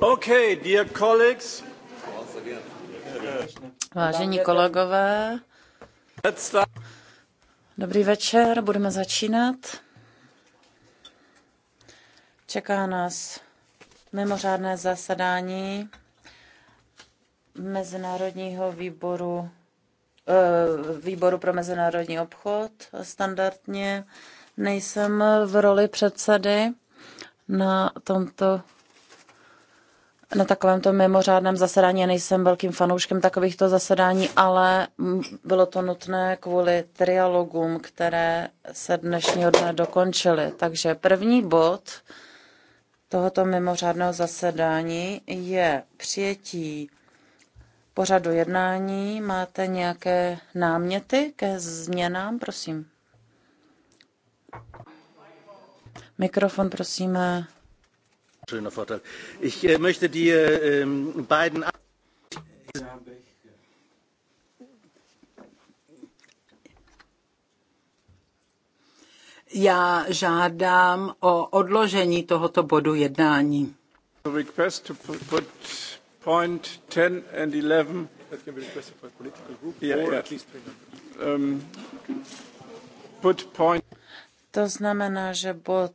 Okay, dear colleagues. Vážení kolegové, dobrý večer, budeme začínat. Čeká nás mimořádné zasedání Mezinárodního výboru, eh, výboru pro mezinárodní obchod. Standardně nejsem v roli předsedy na tomto na takovémto mimořádném zasedání. Já nejsem velkým fanouškem takovýchto zasedání, ale bylo to nutné kvůli trialogům, které se dnešního dne dokončily. Takže první bod tohoto mimořádného zasedání je přijetí pořadu jednání. Máte nějaké náměty ke změnám? Prosím. Mikrofon, prosíme. Schöner Vorteil. Ich äh, möchte die äh, ähm, beiden. Já žádám o odložení tohoto bodu jednání. put point to znamená, že bod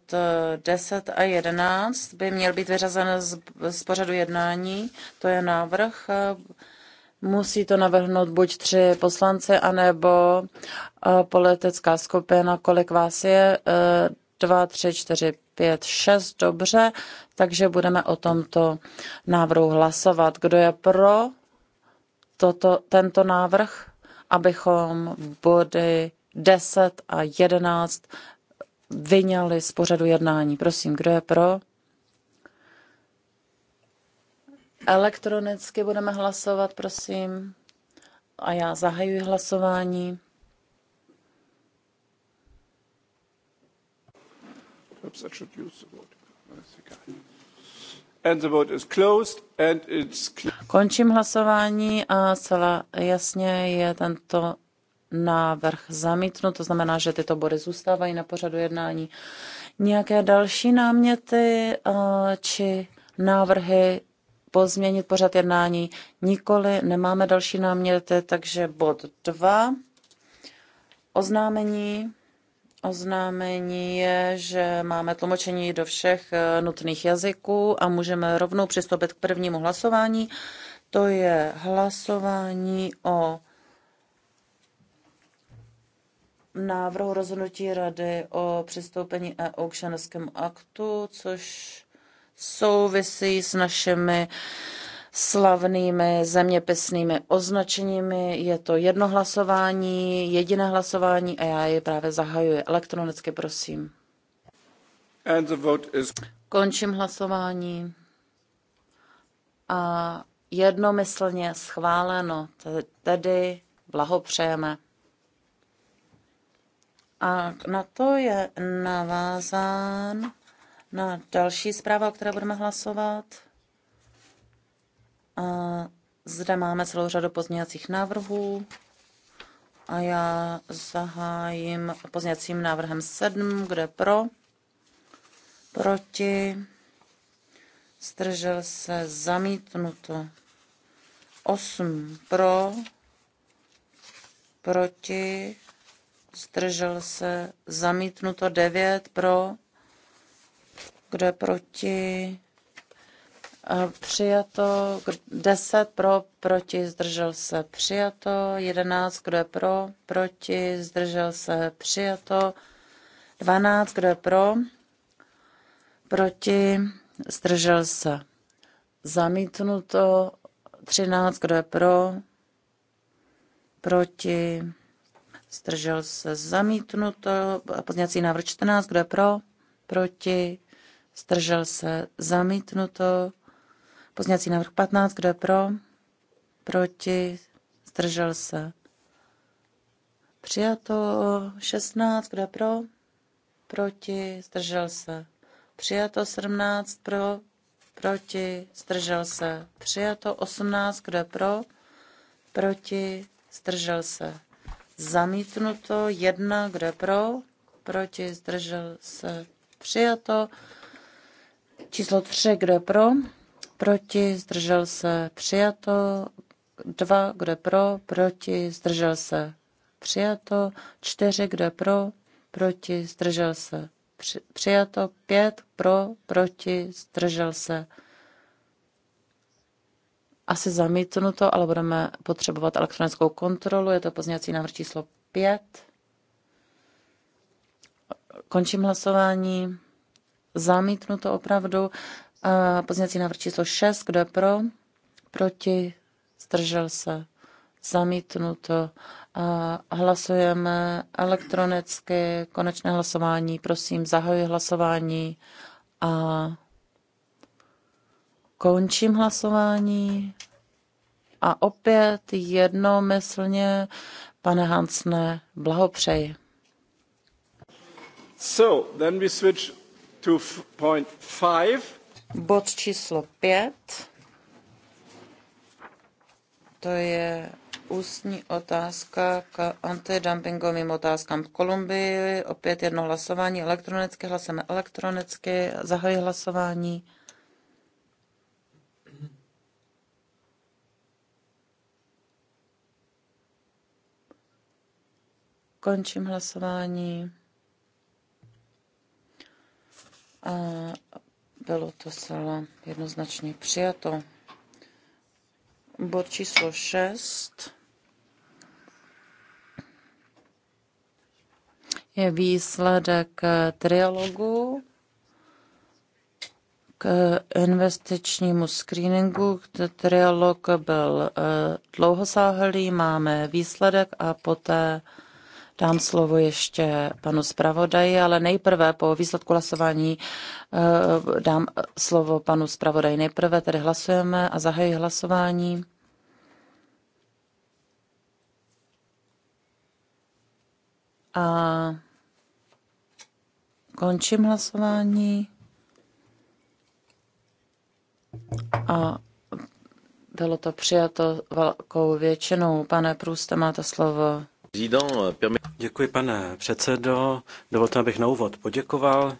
10 eh, a 11 by měl být vyřazen z, z pořadu jednání. To je návrh. Eh, musí to navrhnout buď tři poslanci, anebo eh, politická skupina. Kolik vás je? 2, 3, 4, 5, 6. Dobře, takže budeme o tomto návrhu hlasovat. Kdo je pro toto, tento návrh, abychom body 10 a 11 vyňali z pořadu jednání. Prosím, kdo je pro? Elektronicky budeme hlasovat, prosím. A já zahajuji hlasování. And the vote is closed and it's Končím hlasování a celá jasně je tento návrh zamítnut, to znamená, že tyto body zůstávají na pořadu jednání. Nějaké další náměty eh, či návrhy pozměnit pořad jednání? Nikoli, nemáme další náměty, takže bod 2. Oznámení. Oznámení je, že máme tlumočení do všech eh, nutných jazyků a můžeme rovnou přistoupit k prvnímu hlasování. To je hlasování o návrhu rozhodnutí Rady o přistoupení EU k aktu, což souvisí s našimi slavnými zeměpisnými označeními. Je to jedno hlasování, jediné hlasování a já je právě zahajuji elektronicky, prosím. And the vote is... Končím hlasování a jednomyslně schváleno, tedy blahopřejeme. A na to je navázán na další zpráva, o které budeme hlasovat. A zde máme celou řadu pozměňovacích návrhů a já zahájím pozněcím návrhem 7, kde pro, proti, zdržel se, zamítnuto. 8 pro, proti, zdržel se, zamítnuto 9 pro, kdo je proti, přijato 10 pro, proti, zdržel se, přijato 11, kdo je pro, proti, zdržel se, přijato 12, kdo je pro, proti, zdržel se, zamítnuto 13, kdo je pro, proti, Zdržel se zamítnuto. Pozněcí návrh 14. Kdo je pro? Proti? Zdržel se zamítnuto. Pozněcí návrh 15. Kdo je pro? Proti? Zdržel se. Přijato 16. Kdo je pro? Proti? Zdržel se. Přijato 17. Pro? Proti? Zdržel se. Přijato 18. Kdo je pro? Proti? Zdržel se zamítnuto, jedna, kde pro, proti, zdržel se, přijato, číslo tři, kde pro, proti, zdržel se, přijato, dva, kde pro, proti, zdržel se, přijato, čtyři, kde pro, proti, zdržel se, přijato, pět, pro, proti, zdržel se, asi zamítnuto, ale budeme potřebovat elektronickou kontrolu. Je to pozněcí návrh číslo 5. Končím hlasování. Zamítnuto opravdu. Pozněcí návrh číslo 6. Kdo je pro? Proti? Zdržel se? Zamítnuto. A hlasujeme elektronicky. Konečné hlasování. Prosím, zahajuji hlasování. A Končím hlasování. A opět jednomyslně, pane Hansne, blahopřeji. So, then we switch to point five. Bod číslo pět. To je ústní otázka k antidumpingovým otázkám v Kolumbii. Opět jedno hlasování elektronicky, hlasujeme elektronicky, zahají hlasování. Končím hlasování. A bylo to celé jednoznačně přijato. Bod číslo 6 je výsledek trialogu k investičnímu screeningu. Trialog byl eh, dlouhosáhlý, máme výsledek a poté Dám slovo ještě panu zpravodaji, ale nejprve po výsledku hlasování eh, dám slovo panu zpravodaji. Nejprve tedy hlasujeme a zahají hlasování. A končím hlasování. A bylo to přijato velkou většinou. Pane Průste, máte slovo. Euh, Děkuji, pane předsedo. Dovolte, abych na úvod poděkoval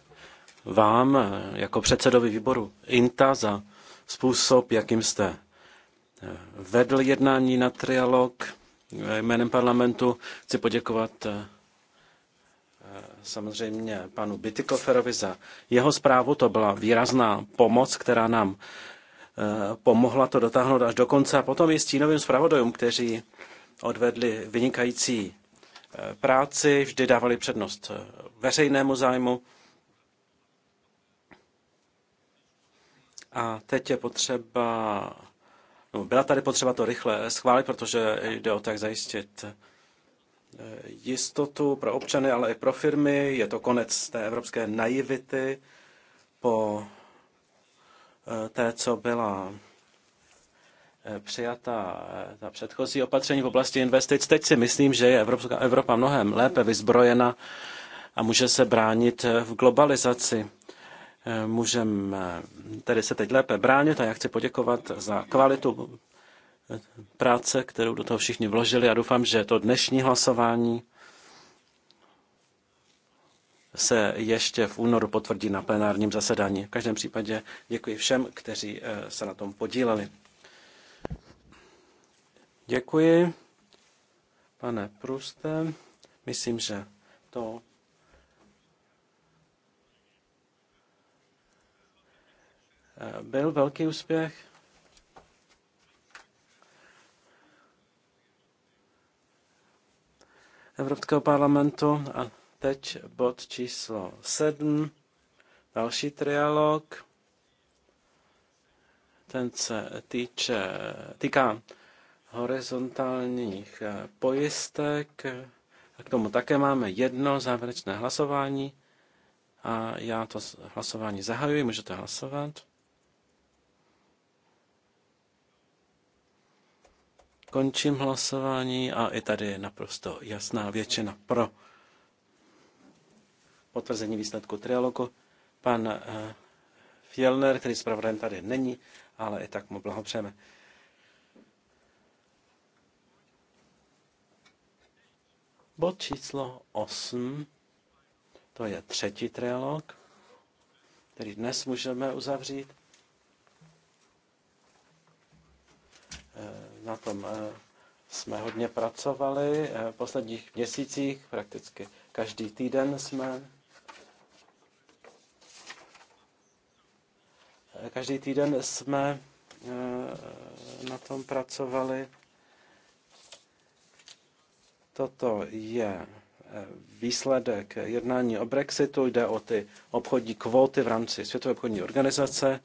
vám eh, jako předsedovi výboru INTA za způsob, jakým jste eh, vedl jednání na trialog eh, jménem parlamentu. Chci poděkovat samozřejmě panu Bitikoferovi za jeho zprávu. To byla výrazná pomoc, která nám pomohla to dotáhnout až do konce. A potom i stínovým zpravodajům, kteří odvedli vynikající eh, práci, vždy dávali přednost eh, veřejnému zájmu. A teď je potřeba, no, byla tady potřeba to rychle schválit, protože jde o tak zajistit eh, jistotu pro občany, ale i pro firmy. Je to konec té evropské naivity po té, co byla přijata eh, ta předchozí opatření v oblasti investic. Teď si myslím, že je Evropská, Evropa mnohem lépe vyzbrojena a může se bránit eh, v globalizaci. Eh, Můžeme tedy se teď lépe bránit a já chci poděkovat za kvalitu práce, kterou do toho všichni vložili a doufám, že to dnešní hlasování se ještě v únoru potvrdí na plenárním zasedání. V každém případě děkuji všem, kteří se na tom podíleli. Děkuji, pane Pruste. Myslím, že to byl velký úspěch. Evropského parlamentu a teď bod číslo sedm, další trialog. Ten se týče, týká horizontálních eh, pojistek. A k tomu také máme jedno závěrečné hlasování. A já to hlasování zahajuji, můžete hlasovat. Končím hlasování a i tady je naprosto jasná většina pro potvrzení výsledku trialogu. Pan eh, Fjellner, který zpravodajem tady není, ale i tak mu blahopřejeme. Bod číslo 8, to je třetí trialog, který dnes můžeme uzavřít. Eh, na tom eh, jsme hodně pracovali eh, v posledních měsících, prakticky každý týden jsme každý týden jsme na tom pracovali. Toto je eh, výsledek jednání o Brexitu. Jde o ty obchodní kvóty v rámci Světové obchodní organizace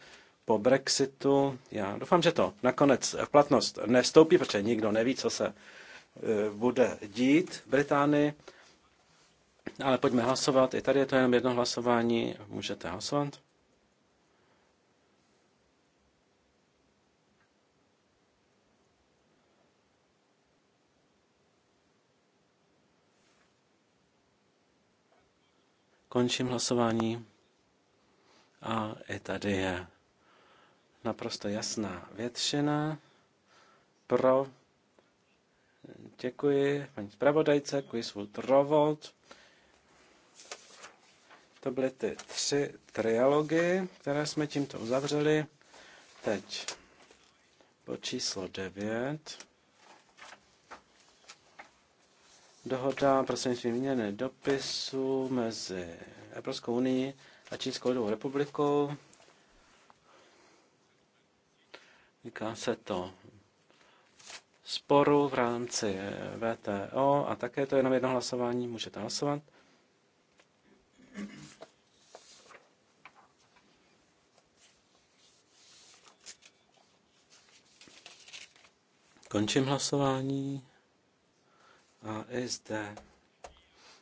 po Brexitu. Já doufám, že to nakonec v platnost nestoupí, protože nikdo neví, co se eh, bude dít v Británii. Ale pojďme hlasovat. I tady je to jenom jedno hlasování. Můžete hlasovat. Končím hlasování. A i tady je naprosto jasná většina pro. Děkuji paní zpravodajce, děkuji svůj Rovold. To byly ty tři trialogy, které jsme tímto uzavřeli. Teď po číslo 9. dohoda prostřednictvím výměny dopisu mezi Evropskou unii a Čínskou lidovou republikou. Týká se to sporu v rámci VTO a také to je jenom jedno hlasování, můžete hlasovat. Končím hlasování. A i zde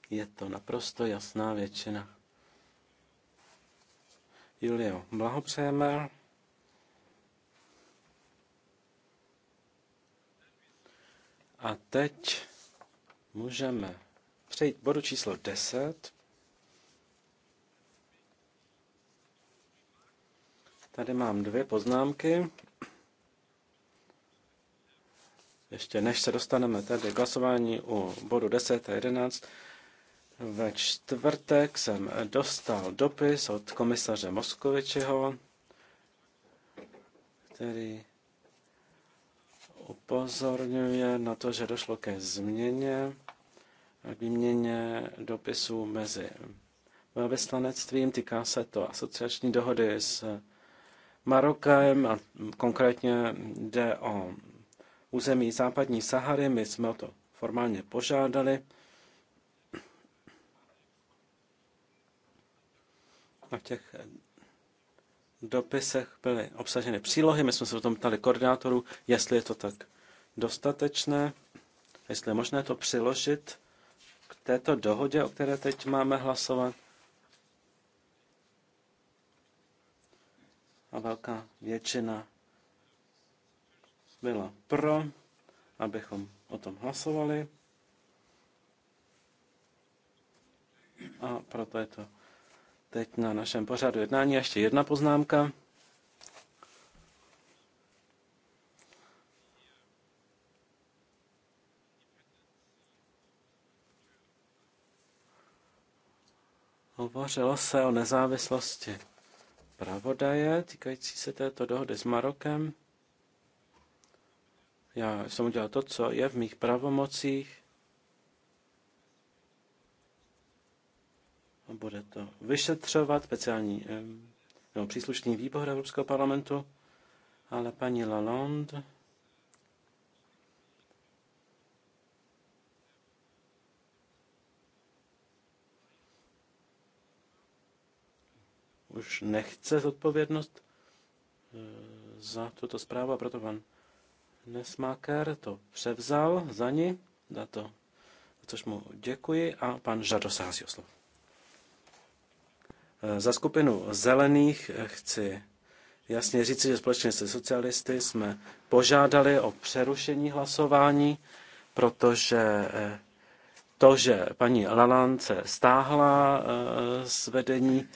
je to naprosto jasná většina. Julio, blahopřejeme. A teď můžeme přejít k bodu číslo 10. Tady mám dvě poznámky ještě než se dostaneme tedy k hlasování u bodu 10 a 11, ve čtvrtek jsem dostal dopis od komisaře Moskovičeho, který upozorňuje na to, že došlo ke změně, k výměně dopisů mezi velvyslanectvím. Týká se to asociační dohody s Marokem a konkrétně jde o území západní Sahary. My jsme o to formálně požádali. A v těch eh, dopisech byly obsaženy přílohy. My jsme se o tom ptali koordinátorů, jestli je to tak dostatečné, jestli je možné to přiložit k této dohodě, o které teď máme hlasovat. A velká většina byla pro, abychom o tom hlasovali. A proto je to teď na našem pořadu jednání. Ještě jedna poznámka. Hovořilo se o nezávislosti pravodaje týkající se této dohody s Marokem. Já jsem udělal to, co je v mých pravomocích. A bude to vyšetřovat speciální nebo příslušný výbor Evropského parlamentu, ale paní Lalonde už nechce zodpovědnost eh, za tuto zprávu a proto pan Nesmaker to převzal za ní, za to, což mu děkuji, a pan Žado se e, Za skupinu zelených chci jasně říci, že společně se socialisty jsme požádali o přerušení hlasování, protože e, to, že paní Lalance stáhla e, z vedení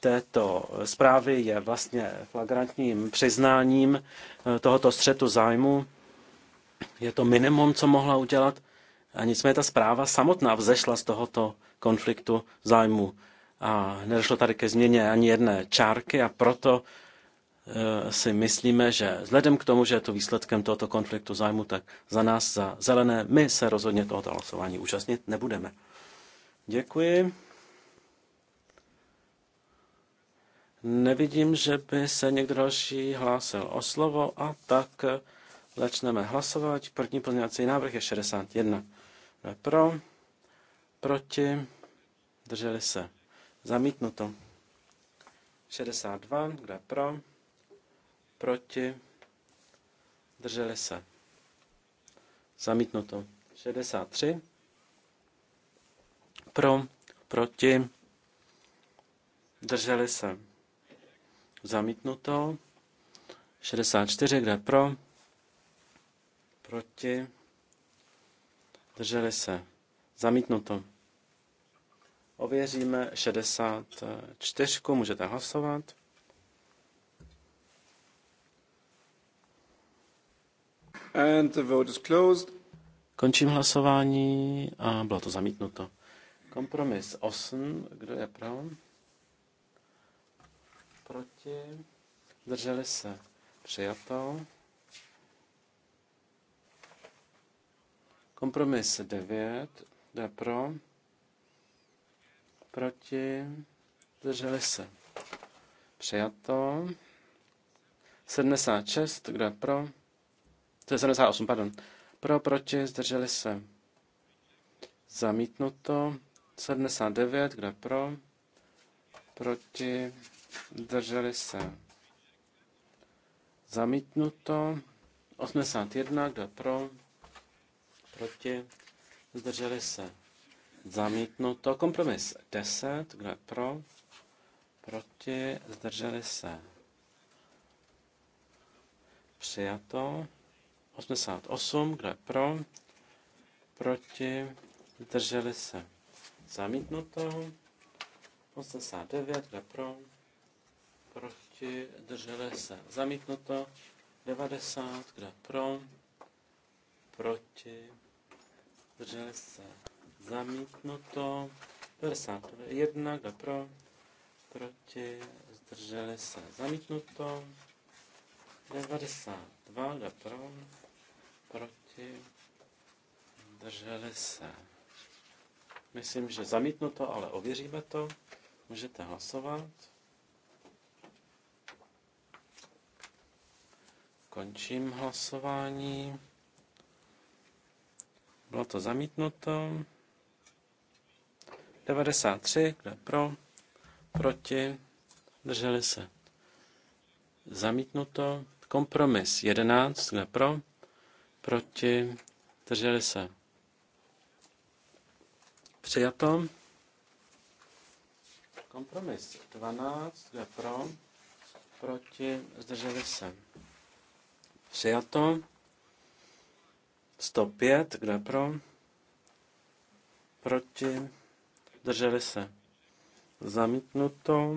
této zprávy je vlastně flagrantním přiznáním eh, tohoto střetu zájmu. Je to minimum, co mohla udělat. A nicméně ta zpráva samotná vzešla z tohoto konfliktu zájmu. A nedošlo tady ke změně ani jedné čárky a proto eh, si myslíme, že vzhledem k tomu, že je to výsledkem tohoto konfliktu zájmu, tak za nás, za zelené, my se rozhodně tohoto hlasování účastnit nebudeme. Děkuji. Nevidím, že by se někdo další hlásil o slovo a tak začneme hlasovat. První plňovací návrh je 61. pro? Proti? Drželi se. Zamítnuto. 62. kde pro? Proti? Drželi se. Zamítnuto. 63. Pro? Proti? Drželi se. Zamítnuto. 64, kde pro? Proti. Drželi se. Zamítnuto. Ověříme 64, můžete hlasovat. And the vote is closed. Končím hlasování a bylo to zamítnuto. Kompromis 8, kdo je pro? proti, drželi se, přijato. Kompromis 9, jde pro, proti, drželi se, přijato. 76, kde pro? To je 78, pardon. Pro, proti, zdrželi se. Zamítnuto. 79, kde pro? Proti, zdrželi se zamítnuto. 81, kdo pro, proti, zdrželi se zamítnuto. Kompromis 10, kdo pro, proti, zdrželi se přijato. 88, kdo je pro, proti, zdrželi se zamítnuto. 89, kdo je pro, proti, drželi se zamítnuto, 90, kdo pro, proti, drželi se zamítnuto, 91, kdo pro, proti, zdrželi se zamítnuto, 92, kdo pro, proti, drželi se. Myslím, že zamítnuto, ale ověříme to. Můžete hlasovat. Končím hlasování. Bylo to zamítnuto. 93, kde pro, proti, drželi se. Zamítnuto. Kompromis 11, kde pro, proti, drželi se. Přijato. Kompromis 12, kde pro, proti, zdrželi se. Přijato. 105, kdo je pro? Proti. Drželi se. Zamítnuto.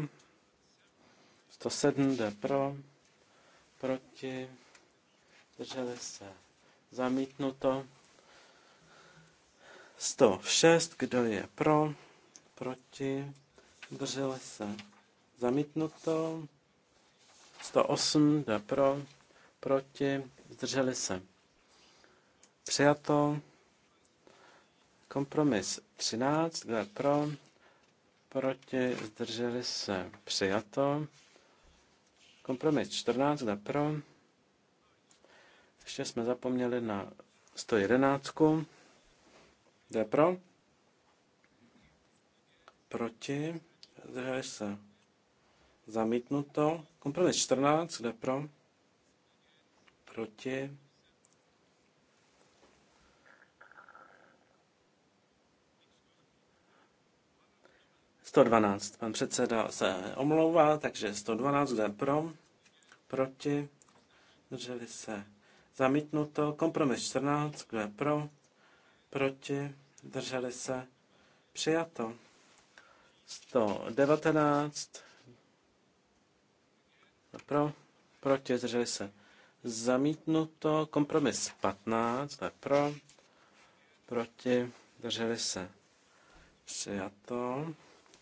107, jde pro. Proti. Drželi se. Zamítnuto. 106, kdo je pro? Proti. Drželi se. Zamítnuto. 108, jde pro proti, zdrželi se. Přijato. Kompromis 13, kdo je pro, proti, zdrželi se. Přijato. Kompromis 14, kdo je pro. Ještě jsme zapomněli na 111. Kdo je pro? Proti, zdrželi se. Zamítnuto. Kompromis 14, kdo je pro? krotě. Sto dvanáct. Pan předseda se omlouvá, takže 112 jde pro, proti, drželi se zamítnuto. Kompromis 14, kdo je pro, proti, drželi se přijato. 119 pro, proti, drželi se Zamítnuto kompromis 15, to je pro, proti, drželi se. Přijato.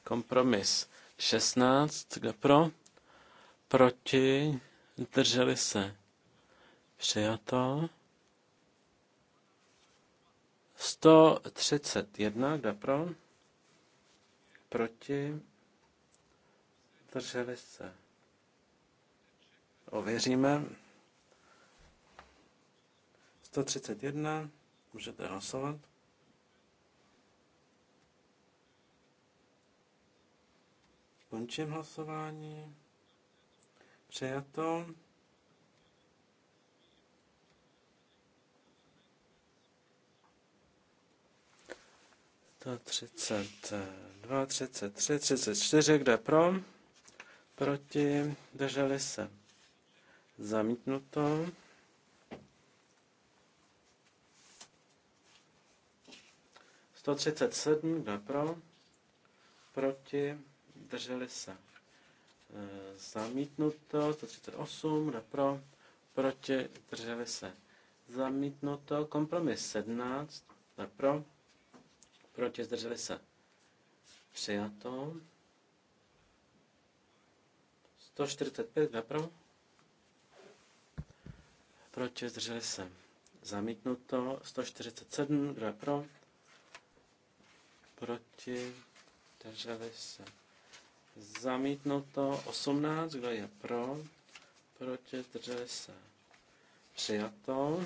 Kompromis 16, kdo pro, proti, drželi se. Přijato. 131, kdo pro, proti, drželi se. Ověříme. 131, můžete hlasovat. Končím hlasování. Přijato. To 32, 33, 34, kde pro? Proti, drželi se. Zamítnuto. 137, kdo je pro? Proti, drželi se. E, zamítnuto, 138, kdo je pro? Proti, drželi se. Zamítnuto, kompromis 17, kdo je pro? Proti, zdrželi se. Přijato. 145, kdo je pro? Proti, zdrželi se. Zamítnuto, 147, kdo je pro? proti, drželi se. Zamítnuto 18, kdo je pro, proti, drželi se. Přijato.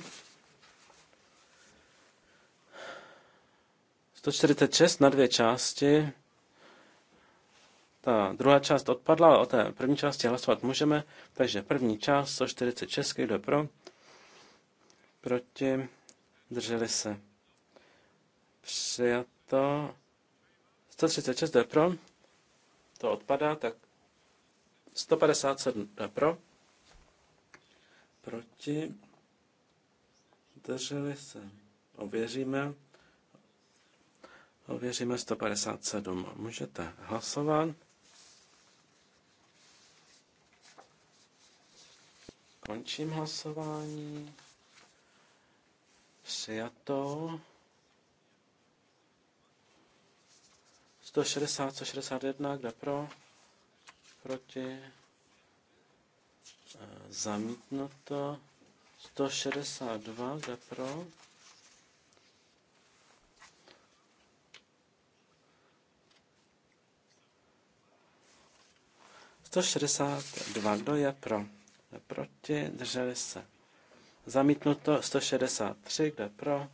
146 na dvě části. Ta druhá část odpadla, o té první části hlasovat můžeme. Takže první část 146, kdo je pro, proti, drželi se. Přijato. 136 D pro, to odpadá, tak 157 D pro, proti, drželi se, ověříme, ověříme 157, můžete hlasovat. Končím hlasování. Přijato. 160, 161, kde pro, proti, eh, zamítnuto, 162, kde pro, To šedesát dva, kdo je pro? Kde proti, drželi se. Zamítnuto 163, kde pro?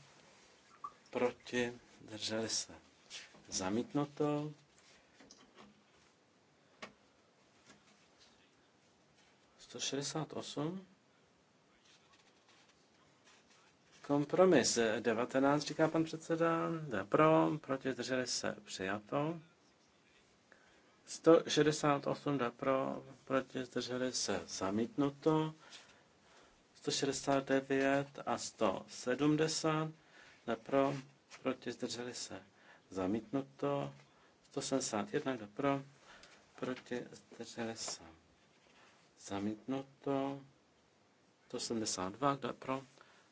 Proti, drželi se. Zamítnuto. 168. Kompromis 19, říká pan předseda. Pro, proti, drželi se, přijato. 168 jde pro, proti, zdrželi se, zamítnuto. 169 a 170 jde pro, proti, zdrželi se, Zamítnuto. 171, kdo pro? Proti, zdrželi se. Zamítnuto. 172, kdo pro?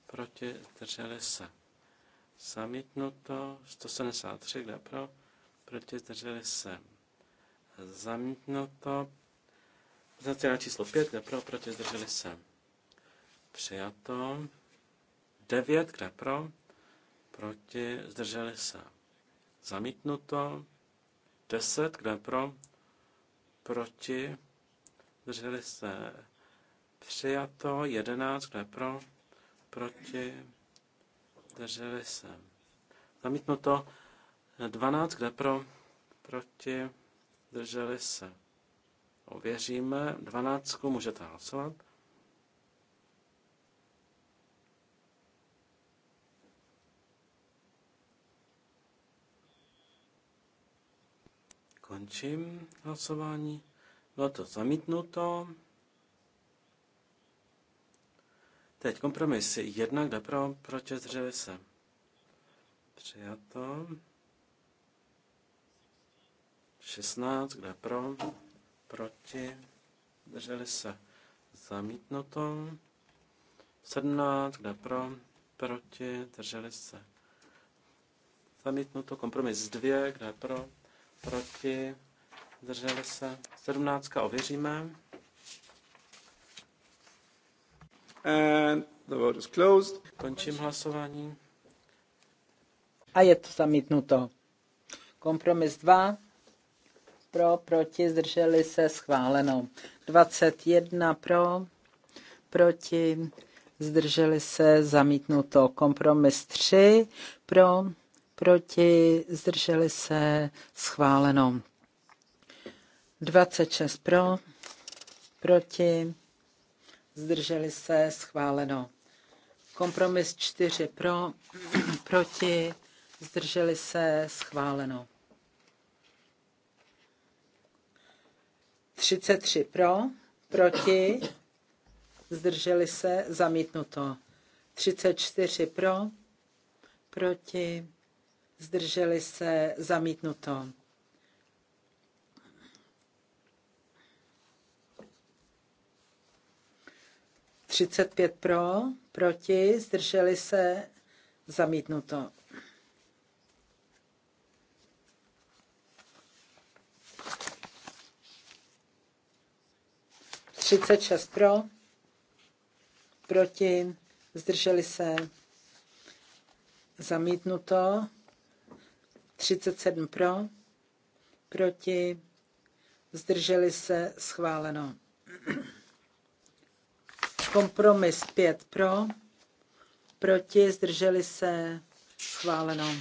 Proti, zdrželi se. Zamítnuto. 173, kdo pro? Proti, zdrželi se. Zamítnuto. Zatím číslo 5, kde pro, proti, zdrželi se. Přijato. 9, kde pro, proti, zdrželi se. Zamítnuto. 10, kdo je pro? Proti. Zdrželi se. Přijato. 11, kdo je pro? Proti. Zdrželi se. Zamítnuto. 12, kde pro? Proti. Zdrželi se. Ověříme. 12 můžete hlasovat. Končím hlasování. Bylo to zamítnuto. Teď kompromis jedna, kde pro, proti zdrželi se. Přijato. 16, kde pro, proti, drželi se zamítnuto. 17, kde pro, proti, drželi se zamítnuto. Kompromis 2, kde pro, proti, zdrželi se. Sedmnáctka ověříme. And the vote is closed. Končím hlasování. A je to zamítnuto. Kompromis 2. Pro, proti, zdrželi se, schváleno. 21 pro, proti, zdrželi se, zamítnuto. Kompromis 3. Pro, proti, zdrželi se, schváleno. 26 pro, proti, zdrželi se, schváleno. Kompromis 4 pro, proti, zdrželi se, schváleno. 33 pro, proti, zdrželi se, zamítnuto. 34 pro, proti, zdrželi se, zamítnuto. Třicet pět pro, proti, zdrželi se, zamítnuto. Třicet šest pro, proti, zdrželi se, zamítnuto. 37 pro, proti, zdrželi se, schváleno. Kompromis 5 pro, proti, zdrželi se, schváleno.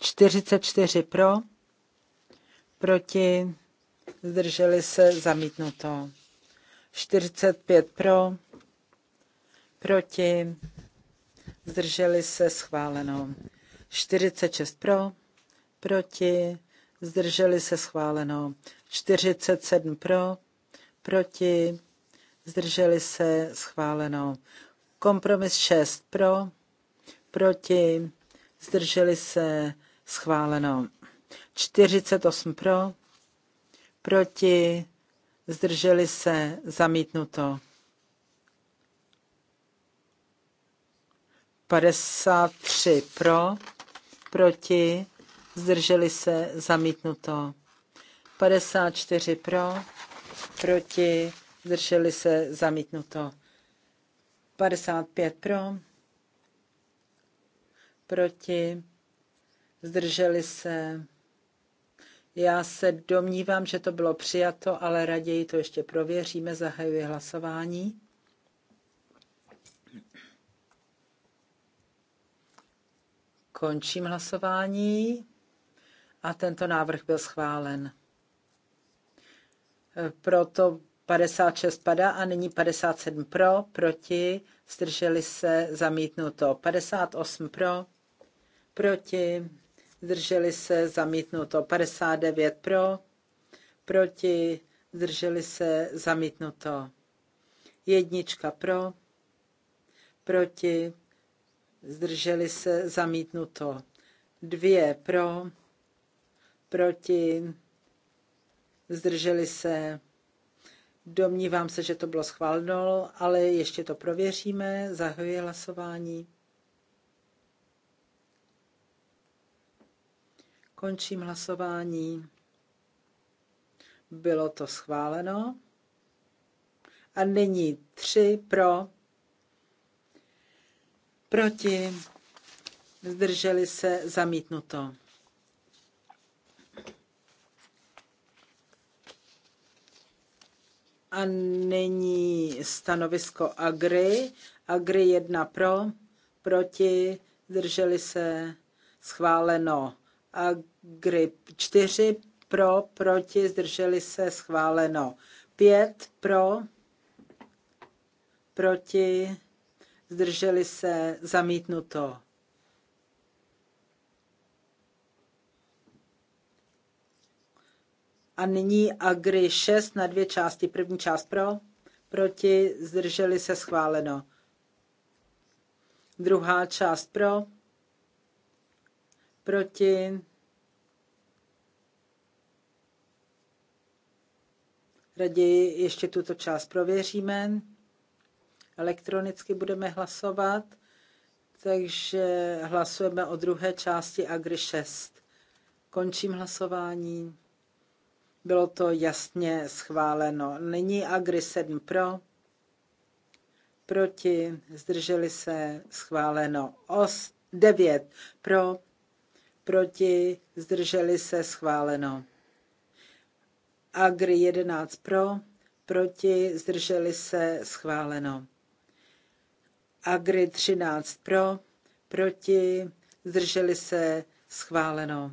44 pro, proti, zdrželi se, zamítnuto. 45 pro, proti, zdrželi se schváleno. 46 pro, proti, zdrželi se schváleno. 47 pro, proti, zdrželi se schváleno. Kompromis 6 pro, proti, zdrželi se schváleno. 48 pro, proti, zdrželi se zamítnuto. 53 pro, proti, zdrželi se, zamítnuto. 54 pro, proti, zdrželi se, zamítnuto. 55 pro, proti, zdrželi se. Já se domnívám, že to bylo přijato, ale raději to ještě prověříme. Zahajuji hlasování. Končím hlasování a tento návrh byl schválen. Proto 56 padá a nyní 57 pro, proti, zdrželi se, zamítnuto. 58 pro, proti, zdrželi se, zamítnuto. 59 pro, proti, zdrželi se, zamítnuto. Jednička pro, proti, zdrželi se, zamítnuto. Dvě pro, proti, zdrželi se. Domnívám se, že to bylo schváleno, ale ještě to prověříme. Zahajuji hlasování. Končím hlasování. Bylo to schváleno. A nyní tři pro, proti, zdrželi se, zamítnuto. A nyní stanovisko Agri. Agri 1 pro, proti, zdrželi se, schváleno. Agri 4 pro, proti, zdrželi se, schváleno. 5 pro, proti, zdrželi se, zamítnuto. A nyní Agri 6 na dvě části. První část pro, proti, zdrželi se, schváleno. Druhá část pro, proti, Raději ještě tuto část prověříme. Elektronicky budeme hlasovat, takže hlasujeme o druhé části Agri 6. Končím hlasování. Bylo to jasně schváleno. Nyní Agri 7 pro, proti, zdrželi se, schváleno. Os 9 pro, proti, zdrželi se, schváleno. Agri 11 pro, proti, zdrželi se, schváleno. Agri 13 pro, proti, zdrželi se, schváleno.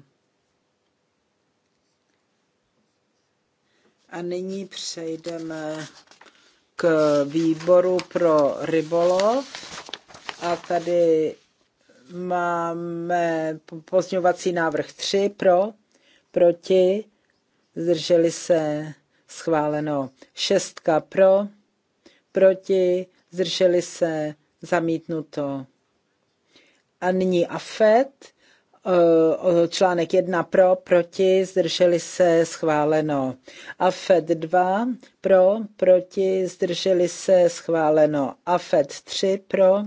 A nyní přejdeme k výboru pro rybolov. A tady máme pozňovací návrh 3 pro, proti, zdrželi se, schváleno. Šestka pro, proti, zdrželi se, zamítnuto. A nyní AFET, eh, článek 1 pro, proti, zdrželi se, schváleno. AFET 2 pro, proti, zdrželi se, schváleno. AFET 3 pro,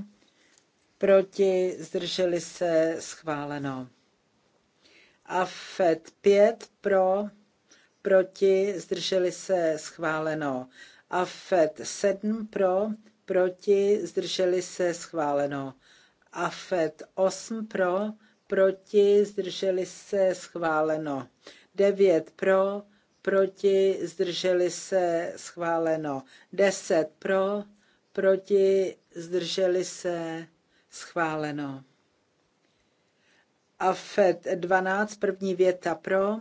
proti, zdrželi se, schváleno. AFET 5 pro, proti, zdrželi se, schváleno. AFET 7 pro, proti, zdrželi se, schváleno. AFET 8 pro, proti, zdrželi se, schváleno. 9 pro, proti, zdrželi se, schváleno. 10 pro, proti, zdrželi se, schváleno. AFET 12, první věta pro,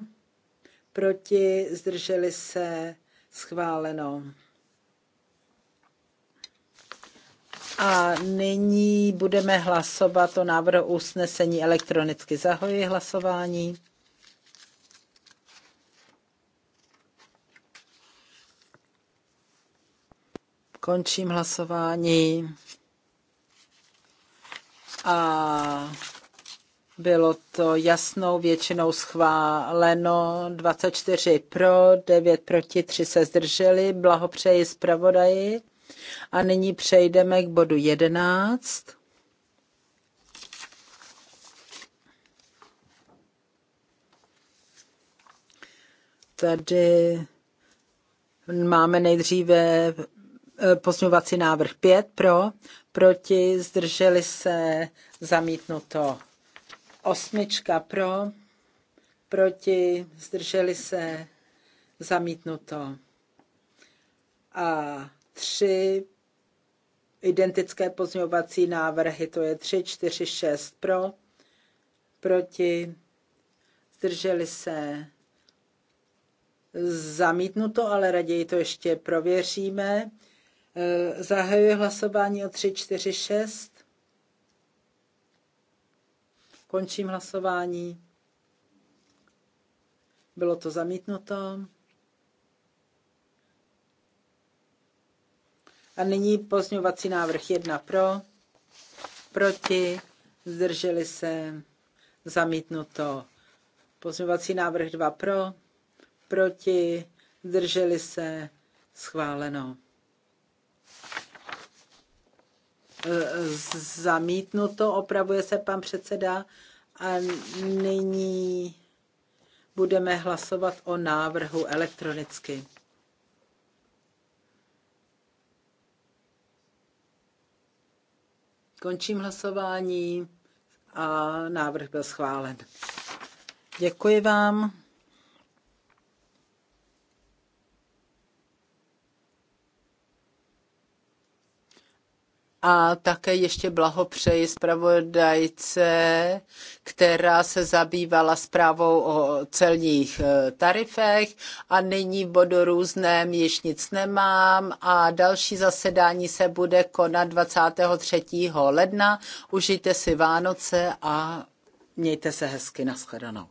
proti, zdrželi se, schváleno. A nyní budeme hlasovat o návrhu usnesení elektronicky. Zahoji hlasování. Končím hlasování. A bylo to jasnou většinou schváleno 24 pro, 9 proti, 3 se zdrželi. Blahopřeji zpravodaji. A nyní přejdeme k bodu 11. Tady máme nejdříve eh, posňovací návrh 5 pro, proti, zdrželi se, zamítnuto. Osmička pro, proti, zdrželi se, zamítnuto. A tři identické pozměňovací návrhy, to je 3, 4, 6 pro, proti, zdrželi se zamítnuto, ale raději to ještě prověříme. E, zahajuji hlasování o 3, 4, 6. Končím hlasování. Bylo to zamítnuto. A nyní pozňovací návrh 1 pro, proti, zdrželi se, zamítnuto. Pozňovací návrh 2 pro, proti, zdrželi se, schváleno. E, e, zamítnuto, opravuje se pan předseda. A nyní budeme hlasovat o návrhu elektronicky. Končím hlasování a návrh byl schválen. Děkuji vám. a také ještě blahopřeji zpravodajce, která se zabývala zprávou o celních e, tarifech a nyní v bodu různém již nic nemám a další zasedání se bude konat 23. ledna. Užijte si Vánoce a mějte se hezky. nashledanou.